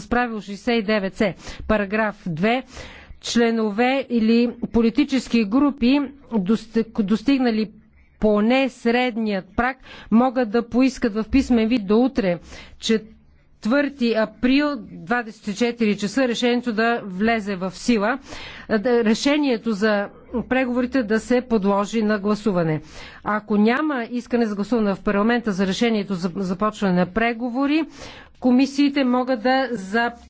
с правило 69c, параграф 2, членове или политически групи, достигнали поне средният прак, могат да поискат в писмен вид до утре, че 4 април 24 часа решението да влезе в сила, решението за преговорите да се подложи на гласуване. Ако няма искане за гласуване в парламента за решението за започване на преговори, комисиите могат да за